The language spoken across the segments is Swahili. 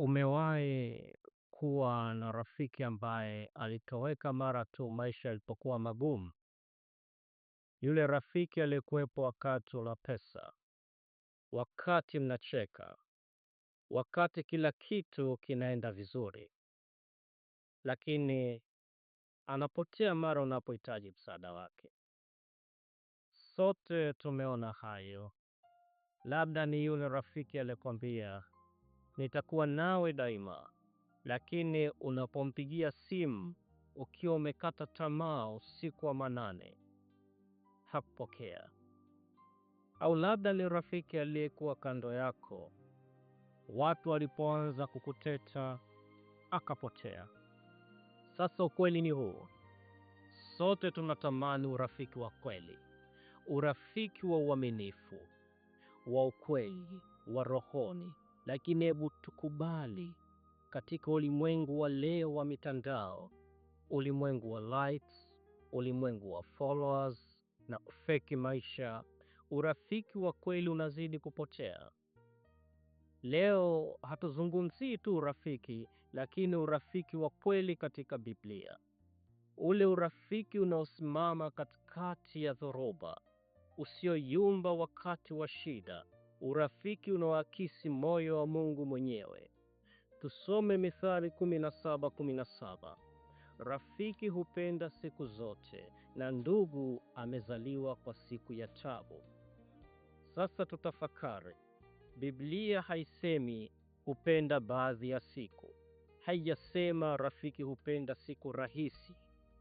Umewahi kuwa na rafiki ambaye alitoweka mara tu maisha yalipokuwa magumu? Yule rafiki aliyekuwepo wakati una pesa, wakati mnacheka, wakati kila kitu kinaenda vizuri, lakini anapotea mara unapohitaji msaada wake. Sote tumeona hayo. Labda ni yule rafiki aliyekwambia nitakuwa nawe daima. Lakini unapompigia simu ukiwa umekata tamaa usiku wa manane, hakupokea. Au labda ni rafiki aliyekuwa kando yako, watu walipoanza kukuteta akapotea. Sasa ukweli ni huu, sote tunatamani urafiki wa kweli, urafiki wa uaminifu, wa ukweli, wa rohoni. Lakini hebu tukubali katika ulimwengu wa leo wa mitandao, ulimwengu wa likes, ulimwengu wa followers na ufeki maisha, urafiki wa kweli unazidi kupotea. Leo hatuzungumzii tu urafiki, lakini urafiki wa kweli katika Biblia, ule urafiki unaosimama katikati ya dhoruba, usioyumba wakati wa shida urafiki unaoakisi moyo wa Mungu mwenyewe. Tusome Mithali 17:17. Rafiki hupenda siku zote na ndugu amezaliwa kwa siku ya tabu. Sasa tutafakari. Biblia haisemi hupenda baadhi ya siku, haijasema rafiki hupenda siku rahisi,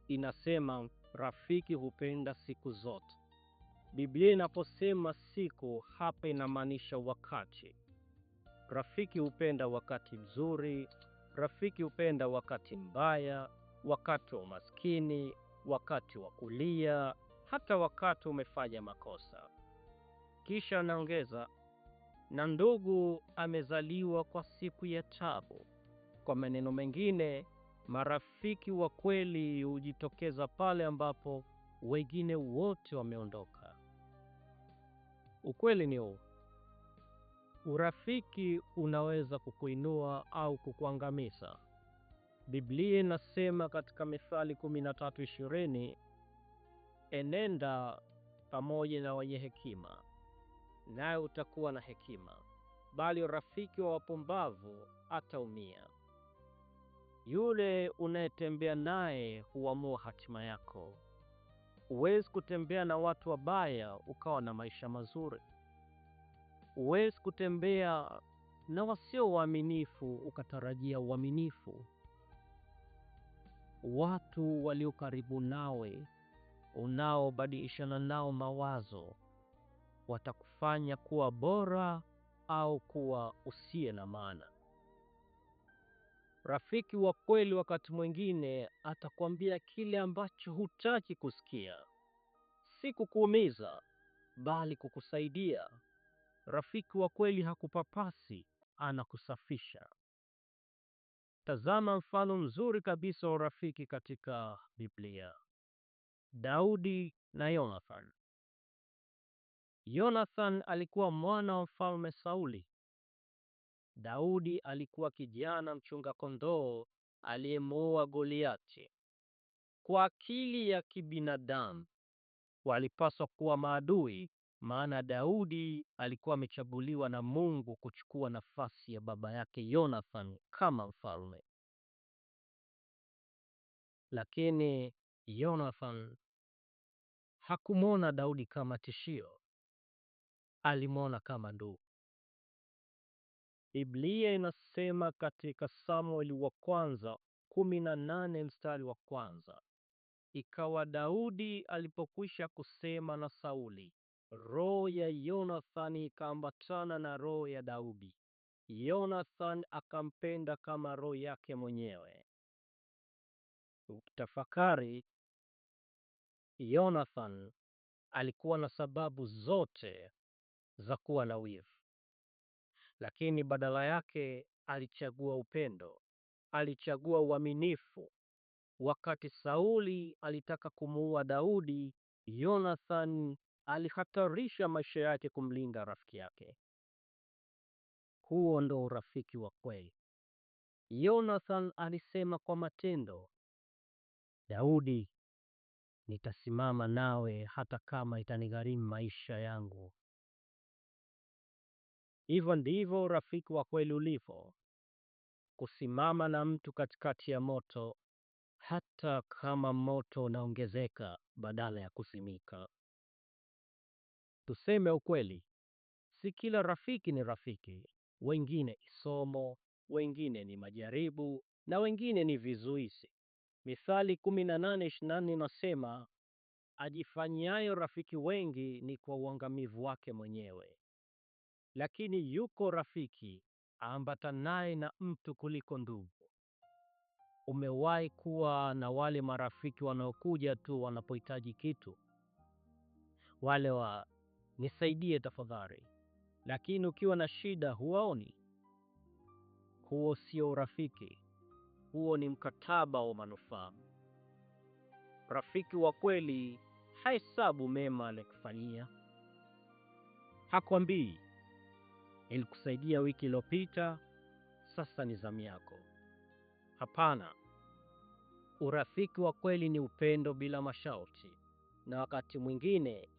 inasema rafiki hupenda siku zote. Biblia inaposema siku hapa inamaanisha wakati. Rafiki hupenda wakati mzuri, rafiki hupenda wakati mbaya, wakati wa umaskini, wakati wa kulia, hata wakati umefanya makosa. Kisha anaongeza na ndugu amezaliwa kwa siku ya tabu. Kwa maneno mengine, marafiki wa kweli hujitokeza pale ambapo wengine wote wameondoka. Ukweli ni huu, urafiki unaweza kukuinua au kukuangamiza. Biblia inasema katika Mithali 13:20, enenda pamoja na wenye hekima, naye utakuwa na hekima, bali rafiki wa wapumbavu ataumia. Yule unayetembea naye huamua hatima yako. Huwezi kutembea na watu wabaya ukawa na maisha mazuri. Huwezi kutembea na wasio waaminifu ukatarajia uaminifu. Watu walio karibu nawe unaobadilishana nao mawazo watakufanya kuwa bora au kuwa usiye na maana. Rafiki wa kweli wakati mwingine atakwambia kile ambacho hutaki kusikia, si kukuumiza, bali kukusaidia. Rafiki wa kweli hakupapasi, anakusafisha. Tazama mfano mzuri kabisa wa urafiki katika Biblia, Daudi na Yonathan. Yonathan alikuwa mwana wa mfalme Sauli, Daudi alikuwa kijana mchunga kondoo aliyemuua Goliati. Kwa akili ya kibinadamu walipaswa kuwa maadui, maana Daudi alikuwa amechaguliwa na Mungu kuchukua nafasi ya baba yake Yonathan kama mfalme. Lakini Yonathan hakumwona Daudi kama tishio, alimwona kama ndugu. Biblia inasema katika Samueli wa kwanza nane mstari wa kwanza ikawa Daudi alipokwisha kusema na Sauli, roho ya Yonathani ikaambatana na roho ya Daudi, Yonathani akampenda kama roho yake mwenyewe. Tafakari, Yonathani alikuwa na sababu zote za kuwa na wivu lakini badala yake alichagua upendo, alichagua uaminifu. Wakati Sauli alitaka kumuua Daudi, Yonathan alihatarisha maisha yake kumlinda rafiki yake. Huo ndo urafiki wa kweli. Yonathan alisema kwa matendo, Daudi, nitasimama nawe hata kama itanigharimu maisha yangu. Hivyo ndivyo urafiki wa kweli ulivyo, kusimama na mtu katikati ya moto, hata kama moto unaongezeka badala ya kusimika. Tuseme ukweli, si kila rafiki ni rafiki. Wengine ni somo, wengine ni majaribu na wengine ni vizuizi. Mithali 18:24 inasema ajifanyayo rafiki wengi ni kwa uangamivu wake mwenyewe lakini yuko rafiki aambatanaye na mtu kuliko ndugu. Umewahi kuwa na wale marafiki wanaokuja tu wanapohitaji kitu, wale wa nisaidie tafadhali, lakini ukiwa na shida huwaoni? Huo sio urafiki, huo ni mkataba wa manufaa. Rafiki wa kweli hahesabu mema anakufanyia, hakwambii ilikusaidia wiki iliyopita, sasa ni zamu yako. Hapana, urafiki wa kweli ni upendo bila masharti, na wakati mwingine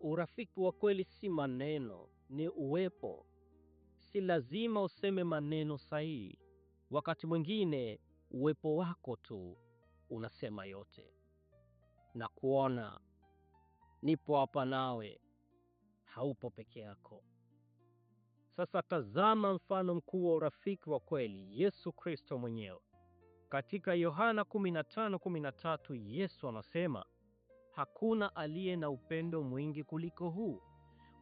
urafiki wa kweli si maneno, ni uwepo. Si lazima useme maneno sahihi, wakati mwingine uwepo wako tu unasema yote. Na kuona nipo hapa nawe, haupo peke yako. Sasa tazama mfano mkuu wa urafiki wa kweli, Yesu Kristo mwenyewe. Katika Yohana 15:13 Yesu anasema, hakuna aliye na upendo mwingi kuliko huu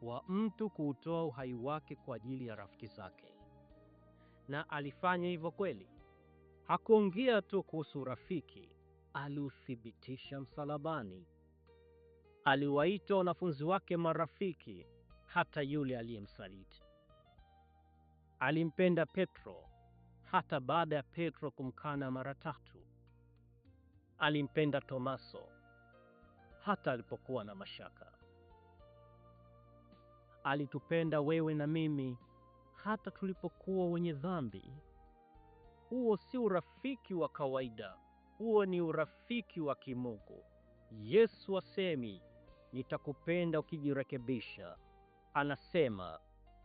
wa mtu kuutoa uhai wake kwa ajili ya rafiki zake. Na alifanya hivyo kweli. Hakuongea tu kuhusu urafiki, aliuthibitisha msalabani. Aliwaita wanafunzi wake marafiki, hata yule aliyemsaliti. Alimpenda Petro hata baada ya Petro kumkana mara tatu. Alimpenda Tomaso hata alipokuwa na mashaka. Alitupenda wewe na mimi hata tulipokuwa wenye dhambi. Huo si urafiki wa kawaida, huo ni urafiki wa kimungu. Yesu asemi, nitakupenda ukijirekebisha. Anasema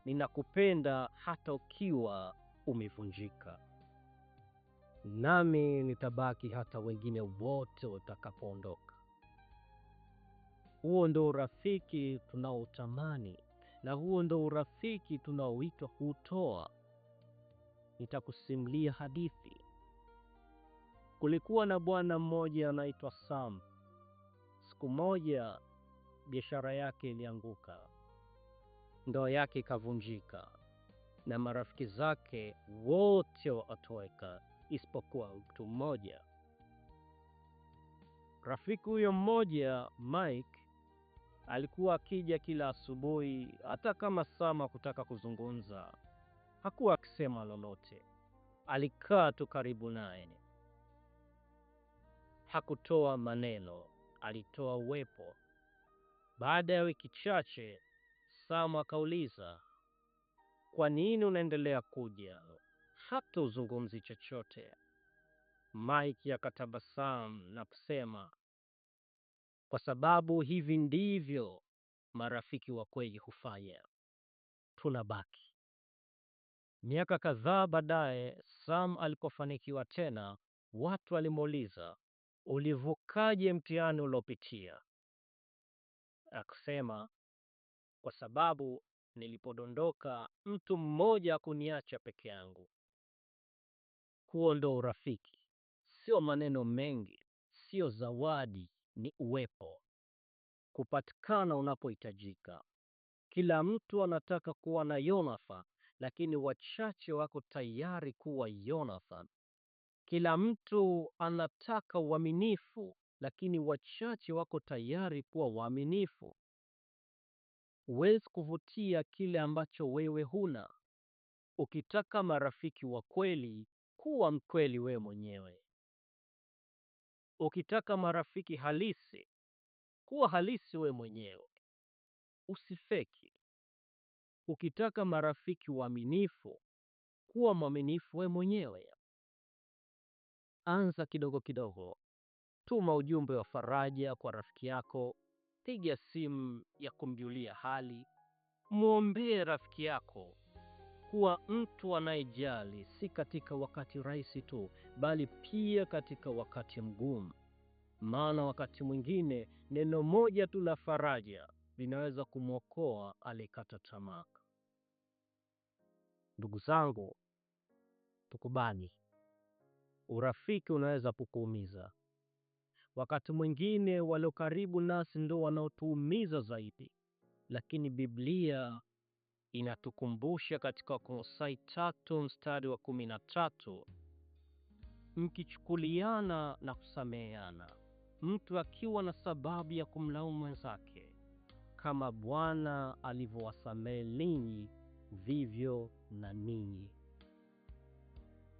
ninakupenda hata ukiwa umevunjika, nami nitabaki hata wengine wote watakapoondoka. Huo ndo urafiki tunaotamani na huo ndo urafiki tunaoitwa kuutoa. Nitakusimulia hadithi. Kulikuwa na bwana mmoja anaitwa Sam. Siku moja biashara yake ilianguka, ndoa yake ikavunjika na marafiki zake wote wakatoweka isipokuwa mtu mmoja. Rafiki huyo mmoja Mike alikuwa akija kila asubuhi, hata kama Sama kutaka kuzungumza hakuwa akisema lolote. Alikaa tu karibu naye, hakutoa maneno, alitoa uwepo. Baada ya wiki chache sam akauliza, kwa nini unaendelea kuja? Hata uzungumzi chochote. Mike akatabasamu na kusema, kwa sababu hivi ndivyo marafiki wa kweli hufanya, tunabaki. Miaka kadhaa baadaye, Sam alipofanikiwa tena, watu walimuuliza, ulivukaje mtihani uliopitia? Akasema, kwa sababu nilipodondoka mtu mmoja kuniacha peke yangu. Huo ndo urafiki, sio maneno mengi, sio zawadi, ni uwepo, kupatikana unapohitajika. Kila mtu anataka kuwa na Yonathan, lakini wachache wako tayari kuwa Yonathan. Kila mtu anataka uaminifu, lakini wachache wako tayari kuwa waaminifu. Huwezi kuvutia kile ambacho wewe huna. Ukitaka marafiki wa kweli, kuwa mkweli wewe mwenyewe. Ukitaka marafiki halisi, kuwa halisi wewe mwenyewe, usifeki. Ukitaka marafiki waaminifu, kuwa mwaminifu wewe mwenyewe. Anza kidogo kidogo, tuma ujumbe wa faraja kwa rafiki yako piga simu ya kumjulia hali, mwombee rafiki yako kuwa mtu anayejali, si katika wakati rahisi tu, bali pia katika wakati mgumu. Maana wakati mwingine neno moja tu la faraja linaweza kumwokoa aliyekata tamaa. Ndugu zangu, tukubali, urafiki unaweza kukuumiza, Wakati mwingine walio karibu nasi ndo wanaotuumiza zaidi, lakini Biblia inatukumbusha katika Wakolosai tatu mstari wa kumi na tatu mkichukuliana na kusameheana, mtu akiwa na sababu ya kumlaumu mwenzake, kama Bwana alivyowasamehe ninyi, vivyo na ninyi.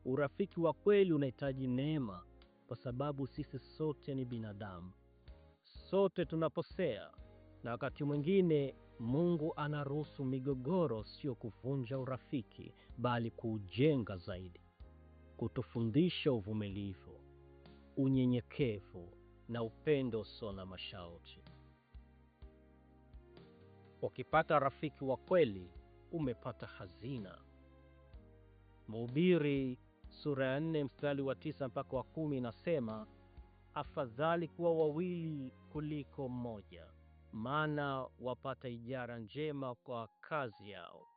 Urafiki wa kweli unahitaji neema kwa sababu sisi sote ni binadamu, sote tunaposea na wakati mwingine Mungu anaruhusu migogoro, sio kuvunja urafiki, bali kuujenga zaidi, kutufundisha uvumilivu, unyenyekevu na upendo usio na masharti. Ukipata rafiki wa kweli, umepata hazina. Mhubiri sura ya nne mstari wa tisa mpaka wa kumi inasema, afadhali kuwa wawili kuliko mmoja, maana wapata ijara njema kwa kazi yao,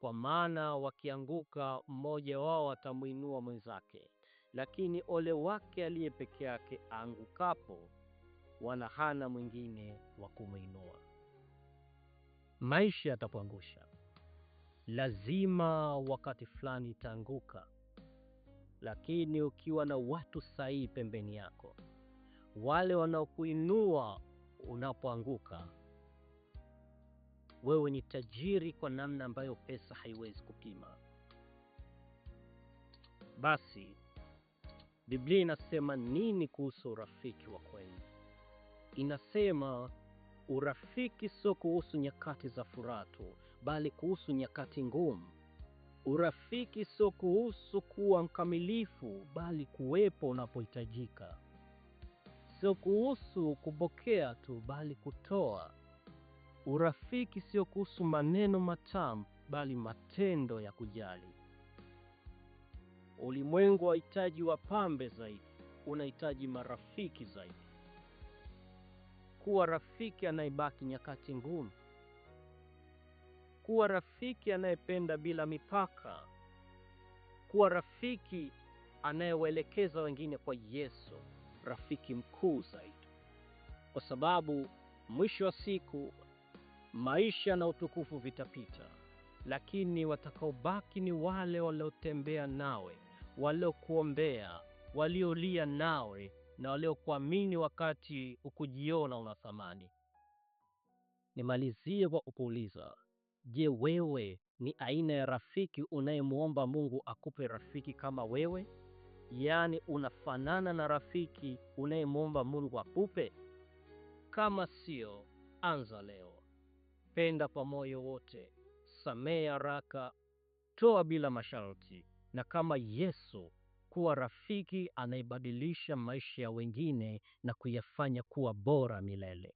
kwa maana wakianguka, mmoja wao atamwinua mwenzake, lakini ole wake aliye peke yake aangukapo, wana hana mwingine wa kumwinua. Maisha yatakuangusha, lazima wakati fulani itaanguka lakini ukiwa na watu sahihi pembeni yako, wale wanaokuinua unapoanguka, wewe ni tajiri kwa namna ambayo pesa haiwezi kupima. Basi Biblia inasema nini kuhusu urafiki wa kweli? Inasema urafiki sio kuhusu nyakati za furaha tu, bali kuhusu nyakati ngumu. Urafiki sio kuhusu kuwa mkamilifu, bali kuwepo unapohitajika. Sio kuhusu kupokea tu, bali kutoa. Urafiki sio kuhusu maneno matamu, bali matendo ya kujali. Ulimwengu wahitaji wa pambe zaidi, unahitaji marafiki zaidi. Kuwa rafiki anayebaki nyakati ngumu kuwa rafiki anayependa bila mipaka, kuwa rafiki anayewaelekeza wengine kwa Yesu, rafiki mkuu zaidi, kwa sababu mwisho wa siku maisha na utukufu vitapita, lakini watakaobaki ni wale waliotembea nawe, waliokuombea, waliolia nawe na waliokuamini wakati ukujiona una thamani. Nimalizie kwa kukuuliza, Je, wewe ni aina ya rafiki unayemwomba Mungu akupe rafiki kama wewe? Yaani unafanana na rafiki unayemwomba Mungu akupe? Kama sio, anza leo. Penda kwa moyo wote, samehe haraka, toa bila masharti, na kama Yesu, kuwa rafiki anayebadilisha maisha ya wengine na kuyafanya kuwa bora milele.